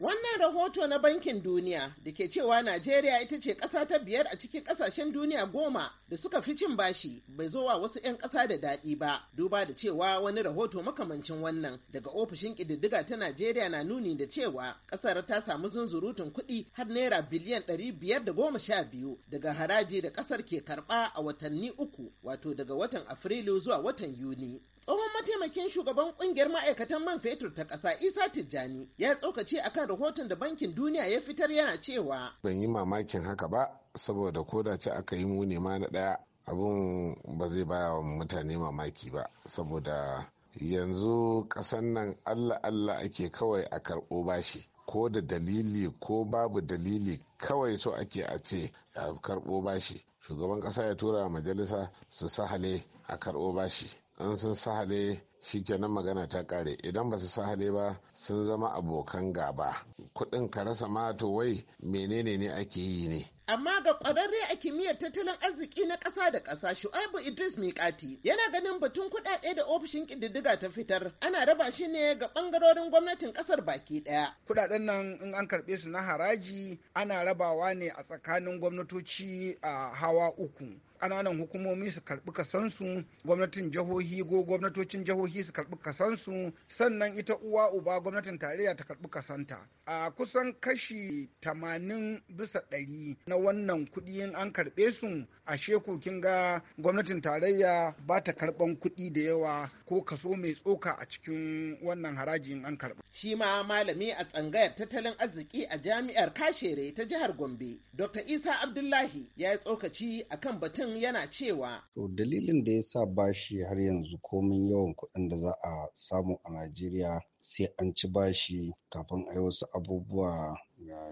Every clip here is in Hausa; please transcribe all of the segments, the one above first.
Wannan rahoto na Bankin Duniya da ke cewa Najeriya ita ce ƙasa ta biyar a cikin ƙasashen duniya goma da suka fi cin bashi bai zo wa wasu 'yan ƙasa da daɗi ba, duba da cewa wani rahoto makamancin wannan daga ofishin ƙididdiga ta Najeriya na nuni da cewa ƙasar ta samu zunzurutun kuɗi har naira biliyan ɗari biyar da goma sha biyu daga haraji da ƙasar ke karɓa a watanni uku wato daga watan Afrilu zuwa watan Yuni. Tsohon mataimakin shugaban ƙungiyar ma'aikatan man fetur ta ƙasa Isa Tijjani ya tsokace akan wannan rahoton da bankin duniya ya fitar yana cewa ban yi mamakin haka ba saboda ko da ce aka yi mu nema na daya abun ba zai baya wa mutane mamaki ba saboda yanzu kasan nan allah allah ake kawai a karɓo bashi ko da dalili ko babu dalili kawai so ake a ce a karɓo bashi shugaban ƙasa ya tura majalisa su sahale a karɓo bashi in sun sahale shikenan magana ta kare idan ba su sa hale ba sun zama abokan gaba kuɗin ka rasa ma wai menene ne ake yi ne Amma ga ƙwararre a kimiyyar tattalin arziki na ƙasa da ƙasa Shu'aibu Idris Mikati yana ganin batun kuɗaɗe da ofishin ƙididdiga ta fitar ana raba shi ne ga ɓangarorin gwamnatin ƙasar baki ɗaya. Kuɗaɗen nan in an karɓe su na haraji ana rabawa ne a tsakanin gwamnatoci a hawa uku. ƙananan hukumomi su karɓi kasansu gwamnatin jihohi ko gwamnatocin jihohi su karɓi kasansu sannan ita uwa uba gwamnatin tarayya ta karɓi kasanta a kusan kashi 80 bisa ɗari na na wannan kuɗi in an karɓe su a sheku kin ga gwamnatin tarayya ba ta karɓan kuɗi da yawa ko kaso mai tsoka a cikin wannan haraji in an karɓa. Shi ma malami a tsangayar tattalin arziki a jami'ar Kashere ta jihar Gombe, Dr. Isa Abdullahi ya yi tsokaci akan batun yana cewa. To dalilin da ya sa bashi har yanzu komin yawan kuɗin da za a samu a Najeriya sai an ci bashi kafin a yi wasu abubuwa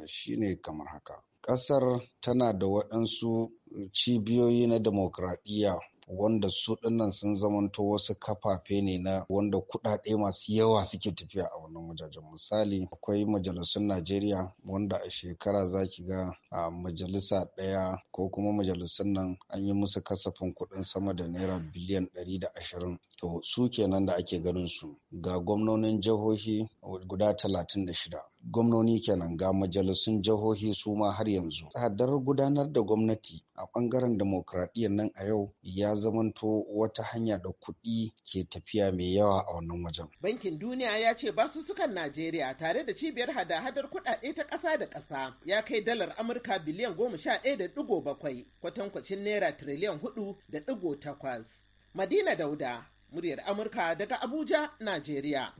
shine kamar haka. Ƙasar tana da waɗansu cibiyoyi na demokradiyya wanda su ɗinnan sun zamanto wasu kafafe ne na wanda kuɗaɗe masu yawa suke tafiya a wannan wajajen misali akwai majalisun najeriya wanda a shekara za ki ga a majalisa ɗaya ko kuma majalisun nan an yi musu kasafin kuɗin sama da naira biliyan ɗari da ashirin to su kenan da ake ganin su ga gwamnonin jihohi guda talatin da shida gwamnoni kenan ga majalisun jihohi su ma har yanzu tsadar gudanar da gwamnati a ɓangaren demokradiyyar nan a yau ya zamanto wata hanya da kuɗi ke tafiya mai yawa a wannan wajen bankin duniya ya ce sukan najeriya tare da cibiyar hada-hadar kuɗaɗe ta ƙasa da ƙasa ya kai dalar amurka biliyan goma sha ɗaya da ɗigo bakwai kwatankwacin naira tiriliyan hudu da ɗigo takwas madina dauda muryar amurka daga abuja najeriya